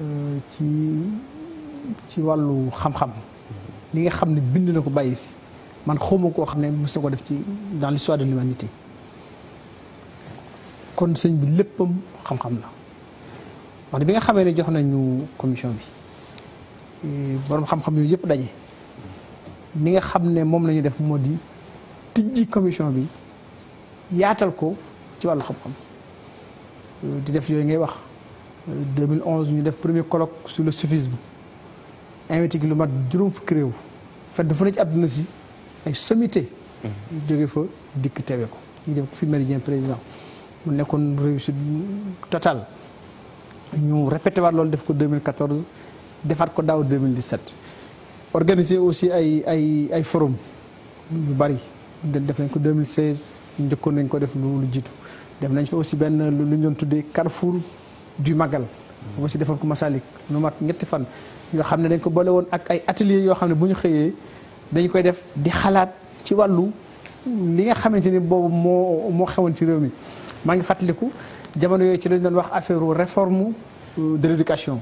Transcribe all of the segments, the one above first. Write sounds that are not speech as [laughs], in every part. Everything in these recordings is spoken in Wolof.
Euh, ci ci wàllu xam-xam li nga xam ne bind na ko bàyyi fi man xawma koo xam ne mos na ko def ci dans l'histoire de l'humanité kon sëñ bi léppam xam-xam la wax bi nga xamee ne jox nañu commission bi euh, borom xam-xam yooyu yëpp daje ni nga xam ne moom la ñu def moo di tijji commission bi yaatal ko ci wàllu xam-xam euh, di def yooyu ngay wax 2011 ñu le premier colloque sur le suffisme. invité gi lu mat juróom fukki fait fet dafa ne ci àdduna si ay sommité Il mhm. fa dikk tewe ko ñu def ko fi méridien président mu réussite totale ñu répété Nous avons def ko 2014 de ko 2017 organisé aussi un ay ay forum nous bari def nañ 2016 Nous avons fait def lu lu jiitu Nous nañ aussi bien lu ñu Carrefour du Magal. bu ci defal ko Masalik nu mat ñetti fan. nga xamne dañ ko boole woon ak ay atelier yo xamne buñu xeyé dañ koy def di xalaat ci walu li nga xamanteni bobu mo mo xewon ci réew mi. maa ngi fateliku jamono yoy ci lañ doon wax affaire réforme euh, de l'éducation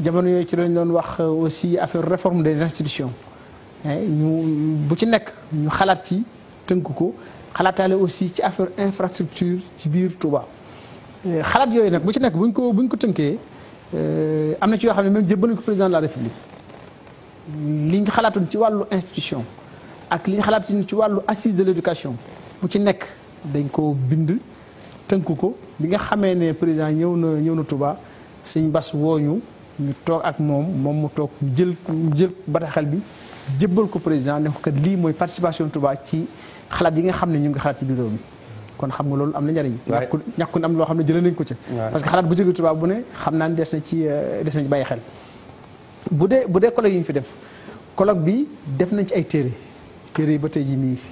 jamono yoy ci lañ doon wax euh, aussi affaire réforme des institutions eh, ñu bu ci nek ñu xalaat ci teunk ko xalaataale aussi ci affaire infrastructure ci biir Touba xalaat yooyu nag bu ci buñ président de la république liñ xalaatoon ci wàllu institution ak liñ ci assise de l'éducation bu ci nekk dañ ko bind tënk ko bi nga président ñëw na ñëw na Touba sëñ Bass wooñu ñu toog ak moom moom mu toog jël jël bi ko président ne ko kat lii participation Touba ci xalaat yi nga ci kon xam nga loolu am na njariñ ñàkkul ñàkkul am loo xam ne jëlee nañ ko ci parce que xalaat bu jóge tubaab bu ne xam naa ne des na ci euh, des na ci bàyyi xel bu dee bu dee colloque yi ñu fi def colloque bi def nañ ci ay téere téere yi ba tey ji mi ngi fi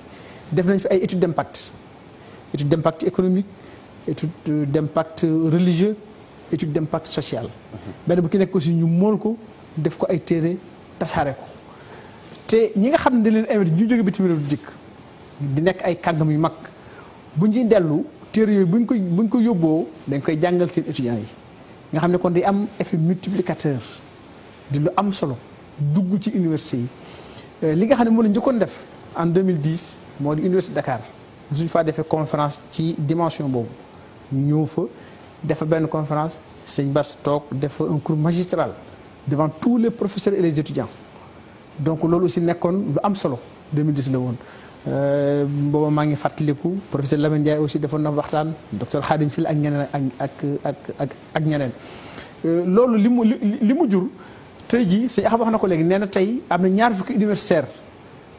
def nañ fi ay étude d'impact étude d'impact économique étude d'impact religieux étude d'impact social mhm. benn bu ki nekk aussi ñu mool ko def ko ay téere tasaare ko te ñi nga xam ne dañ leen invité ñu jóge bitim réew di dikk di nekk ay kàngam yu mag bu ñuy dellu téere yooyu buñ ko buñ ko yóbboo dañ koy jàngal seen étudiants yi nga xam kon am effet multiplicateur di lu am solo dugg ci université yi euh, li nga xam ne la njëkkoon def en 2010 moo di université Dakar suñ fa defee conférence ci dimension boobu ñëw fa defa ben conférence sëñ Bass toog defa un cours magistral devant tous les professeurs et les étudiants donc loolu aussi nekkoon lu am solo 2010 la Euh, booba maa ngi fàttaliku professeur Lamine Ndiaye aussi defoon na waxtaan docteur Khadim Sylla ak ñeneen ak ak ak ak ñeneen euh, loolu li mu li mu jur tey jii sëñ Axam wax na ko léegi nee na tey am na ñaar fukki universitaire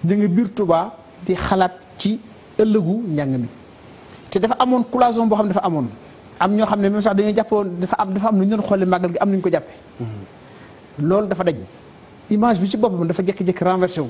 ñu biir Touba di xalaat ci ëllëgu njàng mi te dafa amoon cloison boo xam ne dafa amoon am ñoo xam ne même sax dañoo jàppoon dafa am dafa am lu ñu doon xoolee màggal gi am nañu ko jàppe mm-hmm. loolu dafa daj image bi ci boppam dafa jékki-jékki renversé wu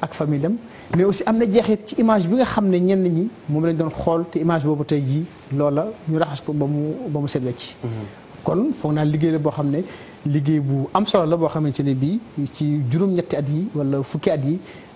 ak famille dem mais aussi am na jeexit ci image bi nga xam ne ñenn ñi moom lañ doon xool te image boobu tey jii loola ñu raxas ko ba mu ba mu set wecc kon foog naa liggéey la boo xam ne liggéey bu am solo la boo xamante ne bii ci juróom-ñetti at yi walla fukki at yi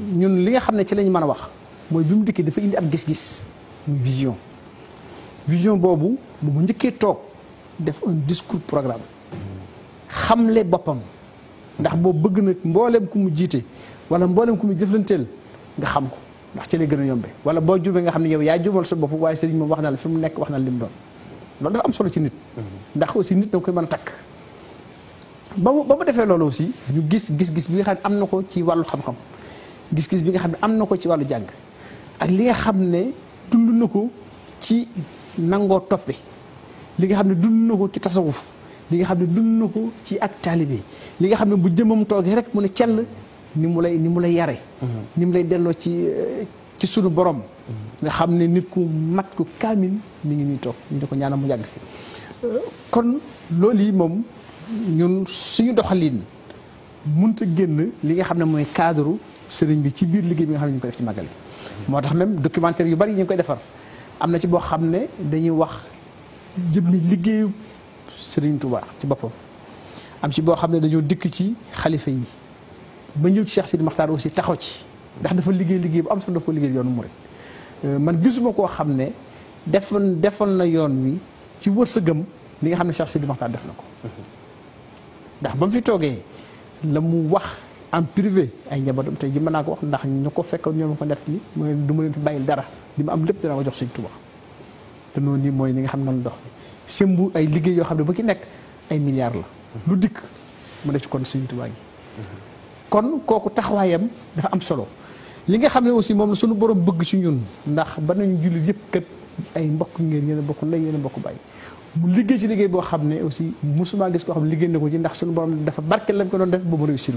ñun li nga xam ne ci lañ mën a wax mooy bi mu dikkee dafa indi ab gis-gis muy vision vision boobu bu mu njëkkee toog def un discours programme lee boppam ndax boobu bëgg na mbooleem ku mu jiite wala mbooleem ku mu jëflanteel nga xam ko ndax ci lay gën a yombe wala boo jubee nga xam ne yow yaa jubal sa bopp waaye sëriñ moom wax na la mu nekk wax na li mu doon loolu dafa am solo ci nit ndax aussi nit da koy mën a takk ba mu defee loolu aussi ñu gis gis-gis bi xam ne am na ko ci wàllu xam gis-gis bi nga xam ne am na ko ci wàllu jàng ak li nga xam ne dund na ko ci nangoo toppe li nga xam ne dund na ko ci tasawuf li nga xam ne dund na ko ci ak taalibe li nga xam ne bu jëmam toogee rek mu ne cell ni mu lay ni mu lay yare mm-hmm. ni mu lay delloo ci ci sunu borom mm-hmm. nga xam ne nit ku mat ku kaamil mi ngi nii toog ñu ko ñaanal mu yàgg fi euh, kon loolu yi moom ñun suñu doxalin mënta génn li nga xam ne mooy cadre sëriñ bi ci biir liggéey bi nga xam ne ñu ko def ci màggal gi moo tax mem documentaire yu bari ñu ngi koy defar am na ci boo xam ne dañuy wax jëmmi liggéeyu sëriñ Touba ci boppam am ci boo xam ne dañoo dikk ci xalifa yi ba ñëw ci Cheikh Sidi Maxtaar aussi taxaw ci ndax dafa liggéey liggéey bu am solo dafa ko liggéey yoonu mu rek euh, man gisuma koo xam ne defoon defoon na yoon wi ci gëm li nga xam ne Cheikh Sidi Maxtaar def na ko ndax ba mu fi mu wax en privé ay njabootam tey ji mën naa ko wax ndax ñu ko fekk ñoom ko def mooy du ma leen fi bàyyi dara li ma am lépp dinaa ko jox sëñ Tuubaa te noonu nii mooy li nga xam ne dox sembu ay liggéey yoo xam ne ba ci nekk ay milliards la. lu dikk mu ne ci kon sëñ Tuubaa gi. kon kooku taxawaayam dafa am solo li nga xam ne aussi moom la suñu borom bëgg ci ñun ndax ba nañu jullit yëpp kat ay mbokk ngeen yéen a bokk ndey yéen a bokk bàyyi. mu liggéey ci liggéey boo xam ne aussi musuma gis koo xam ne liggéey na ko ci ndax suñu borom dafa barke lañ ko doon def ba mu réussir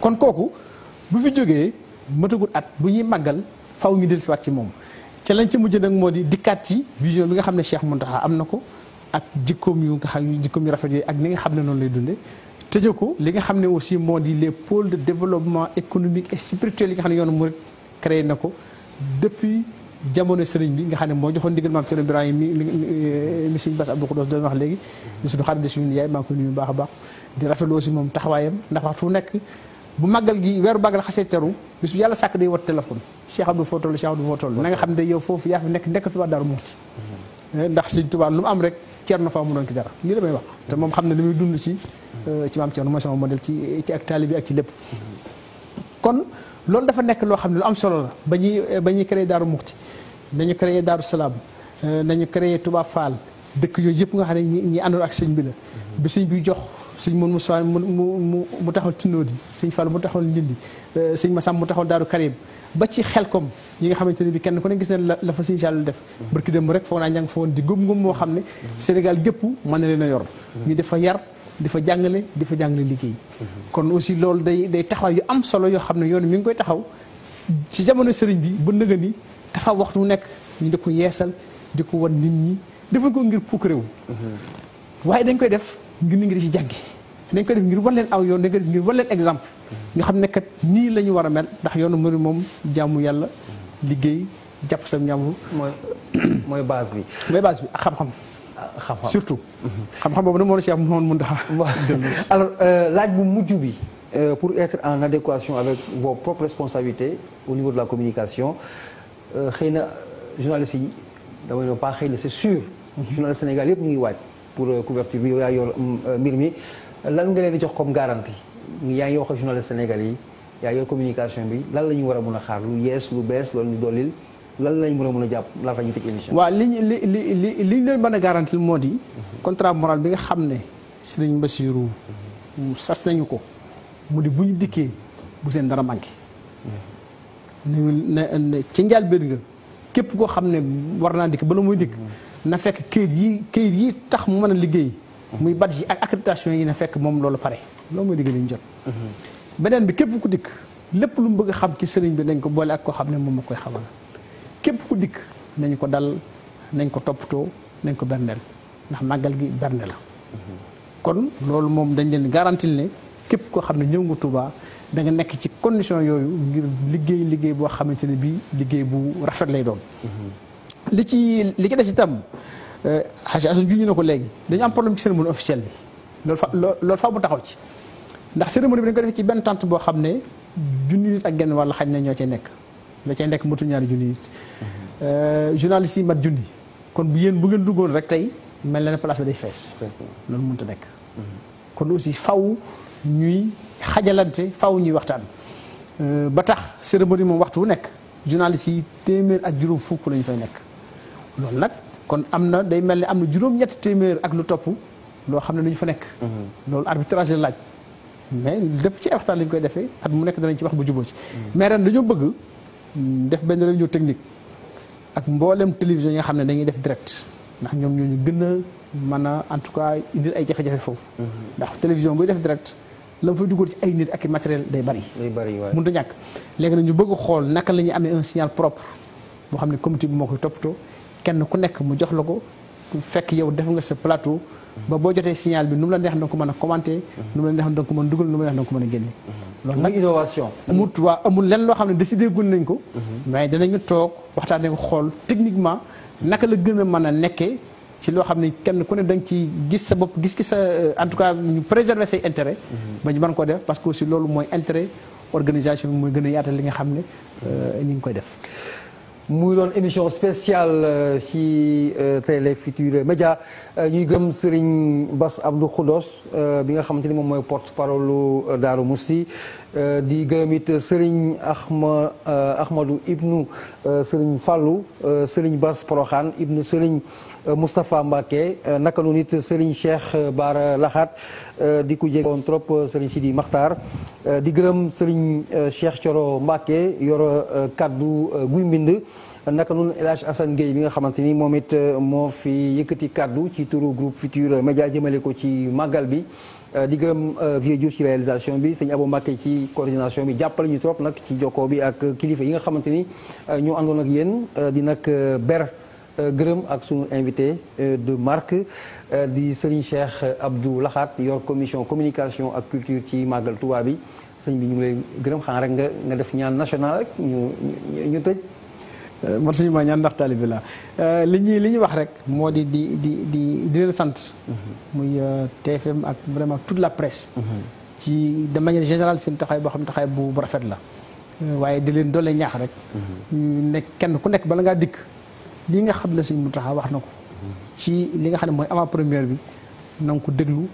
kon kooku bu fi jógee matagul at bu ñuy màggal faw ñu dellu siwaat ci moom ca lañ ca mujj nag moo di dikkaat ci vision bi nga xam ne Cheikh Mountakha am na ko ak jikkoom yu nga xam jikkoom yu rafet ak ni nga xam ne noonu lay dundee tëjee ko li nga xam ne aussi moo di les pôles de développement économique et yi nga xam ne yoonu murid créé na ko depuis jamono sëriñ bi nga xam ne moo joxoon ndigal maam Thierno Birahim mi mi sëriñ wax léegi di suñu xarit baax a baax di rafetlu aussi moom taxawaayam ndax waxtu nekk bu màggal gi weeru màggal xasee teru bis bi yàlla sàkk day wat téléphone Cheikh Abdou foo toll Cheikh Abdou foo toll na nga xam ne yow foofu yaa fi nekk nekk fi waa Daaru Muxti eh, ndax sëriñ Tuubaa lu mu am rek Thierno faa mu doon ki dara lii damay wax te moom xam ne li muy dund ci eh, ci maam Thierno mooy sama modèle ci ak taalibe bi ak ci lépp kon loolu dafa nekk loo xam ne lu am solo la ba ñuy ba ñuy créé Daaru Muxti nañu créé Daaru Salaam euh, nañu créé tubaab Fall dëkk yooyu yëpp nga xam ne ñi àndoon ak sëñ bi la bi sëñ bi jox sëñ mën Moussa mu mu mu taxawal Tindóodi sëñ Fall mu taxawal Ndindi ma euh, Massam mu taxawal Daaru Karim ba ci xel xelkom ñi nga xamante ne bi kenn ku ne gis na la fa sëñ Sall def barki dem rek foog naa ña nga fa woon di gëm-gëm moo xam ne Sénégal gépp mën na leen a yor ñu def fa yar di fa jàngale di fa jàngale liggéey. kon aussi loolu day day taxawaay yu am solo yoo xam ne yoon mi ngi koy taxaw ci jamono sëriñ bi ba nëga ni dafa waxtu nekk ñu di ko yeesal di ko wan nit ñi defuñ ko ngir puuk réew. waaye dañ koy def ngir nit ngi di ci jànge dañ koy def ngir wan leen aw yoon dañ koy def ngir wan leen exemple. ñu xam ne kat nii la ñu war a mel ndax yoonu mënu moom jaamu yàlla liggéey jàpp sa njàmbur. mooy mooy base bi. mooy base bi ak xam-xam. surtout. [laughs] alors euh, euh, pour être en adéquation avec vos propres responsabilités au niveau de la communication Je euh, journaliste pas c'est sûr. Mhm. journaliste sénégalais, pour couverture mm, comme garantie journaliste communication lan lañ mën a mën a jàpp laata ñu tëj émission waaw li ñu li li li li ñu leen mën a garantil moo di contrat moral bi nga xam ne Serigne Bassirou sas nañu ko mu di bu ñu dikkee bu seen dara manqué nañu ca njëlbéen nga képp koo xam ne war naa dikk bala muy dikk na fekk këyit yi këyit yi tax mu mën a liggéey muy badge yi ak accréditation yi na fekk moom loolu pare loolu mooy liggéey li ñu jot mhm. beneen bi képp ku dikk lépp lu mu bëgg a xam ci sëriñ bi dañ ko boole ak koo xam ne moom ma koy xamal képp ku dikk nañ ko dal nañ ko toppatoo nañ ko berndeel ndax gi la kon loolu moom dañ leen garantil ne képp koo xam ne ñëw nga Touba da nga nekk ci condition yooyu ngir liggéey liggéey boo xamante ne bii liggéey bu rafet lay doon li ci li ci des itam xaj euh, asan juñu na ko léegi dañu am problème ci bi loolu fa loolu fa bu taxaw ci ndax cérémonie bi dañ ko defee ci benn tente boo xam ne junni nit ak genn wàll xañ na ñoo nekk la cay nekk matu ñaari junni nit euh, journaliste yi mat junni kon bu yéen bu ngeen duggoon rek tey mel na ne place ba day fees loolu mënut a nekk mhm. kon aussi faw ñuy xajalante faw ñuy waxtaan euh, ba tax cérémonie moom waxtu wu nekk journaliste yi téeméer ak juróom fukk lañu fay nekk loolu nag kon am na day mel ne am na juróom-ñetti téeméer ak lu topp loo xam ne lu ñu fa nekk mhm. loolu arbitrage laaj mais lépp ci waxtaan lañu koy defee at mu nekk danañ ci wax ba jubóo ci mhm. mais bëgg def benn réunion technique ak mboolem télévision yi nga xam ne dañuy def direct ndax ñoom ñoo ñu gën a mën a en tout cas indil ay jafe-jafe foofu. Mm-hmm. ndax télévision buy def direct la mu fay dugal ci ay nit ak matériel day bari. day bari waaye mënut a ñàkk léegi nag ñu bëgg xool naka la ñuy amee un signal propre boo xam ne comité bi moo koy toppatoo kenn ku nekk mu jox la ko. fekk yow def nga sa plateau ba boo jotee signal bi nu mu la neex danga ko mën a commenter nu mu la neex danga ko mën a dugal nu mu la neex danga ko mën a génne loolu nag amul lenn loo xam ne décidé gun nañ ko mais danañu toog waxtaan waxtaanee ko xool techniquement naka la gën a mën a nekkee ci loo xam ne kenn ku ne da nga ci gis sa bopp gis ki sa en tout cas ñu préserver say intérêt ba ñu man ko def parce que aussi loolu mooy intérêt organisation bi mooy gën a yaatal li nga xam ne euh, ñu ngi koy def muy doon émission spéciale euh, ci euh, Télé Futurs Médias euh, ñuy gëm Serigne Bass Abdou Khoudoss bi nga xamante ni moom mooy porte parole Daaru Moussi di gërëm it Serigne Ahma Ahmadou ibnu Serigne Fallou Serigne Bass Porokhane ibnu Serigne Euh, Moustapha Mbacké euh, naka nu nit Serigne Cheikh euh, Bara Laxaat di ko jegoon trop Serigne Sidi Makhtar di gërëm Serigne Cheikh Thioro Mbacké yor kàddu guy mbind naka nun El Hadj Assane bi nga xamante ni moom it moo fi yëkkati kàddu ci turu group Futur Média jëmale ko ci màggal bi di gërëm Vieux Diouf ci réalisation bi sëñ Abou Mbacké ci coordination bi jàppale ñu trop nag ci jokkoo bi ak kilifa yi nga xamante ni ñoo àndoon nag yéen di nag ber Euh, Grim ak suñu invité euh, de marque euh, di Serigne Cheikh Abdou de yor commission communication et culture ci Magal Touba bi bi ñu lay gërëm rek nga national rek ñu ñu la wax rek di di di di TFM mhm. ak vraiment toute la presse. Mhm. ci de manière générale seen taxay bo xam taxay bu rafet la. di leen rek. Mhm. kenn ku li nga xam ne si sëñ Muntaxa wax na ko ci li nga xam ne mooy avant première bi na ko déglu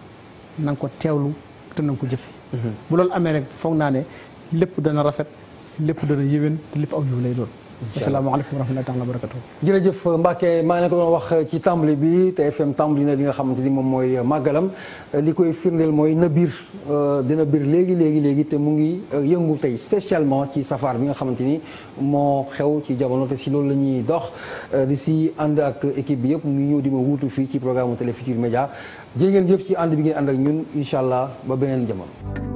na ko teewlu te na ko jëfe mhm. bu loolu amee rek foog naa ne lépp dana rafet lépp dana yéwén te lépp aw yiw lay doon asalaamaaleykum wa rahmatullaahi taala wa barakaatu jërëjëf Mbacke maa ngi leen ko doon wax eh, ci tàmbali bi TFM tàmbali na li nga xamante ni moom mooy eh, màggalam eh, li koy firndeel mooy na biir dina biir léegi léegi léegi te mu ngi yëngu tey spécialement ci safaar bi nga xamante ni moo xew ci jamono te si loolu la ñuy dox di si ànd ak équipe bi yëpp mu ngi ñëw di ma wutu fii ci programme Télé Futurs Médias jëf ci ànd bi ngeen ànd ak ñun incha allah ba beneen jamono.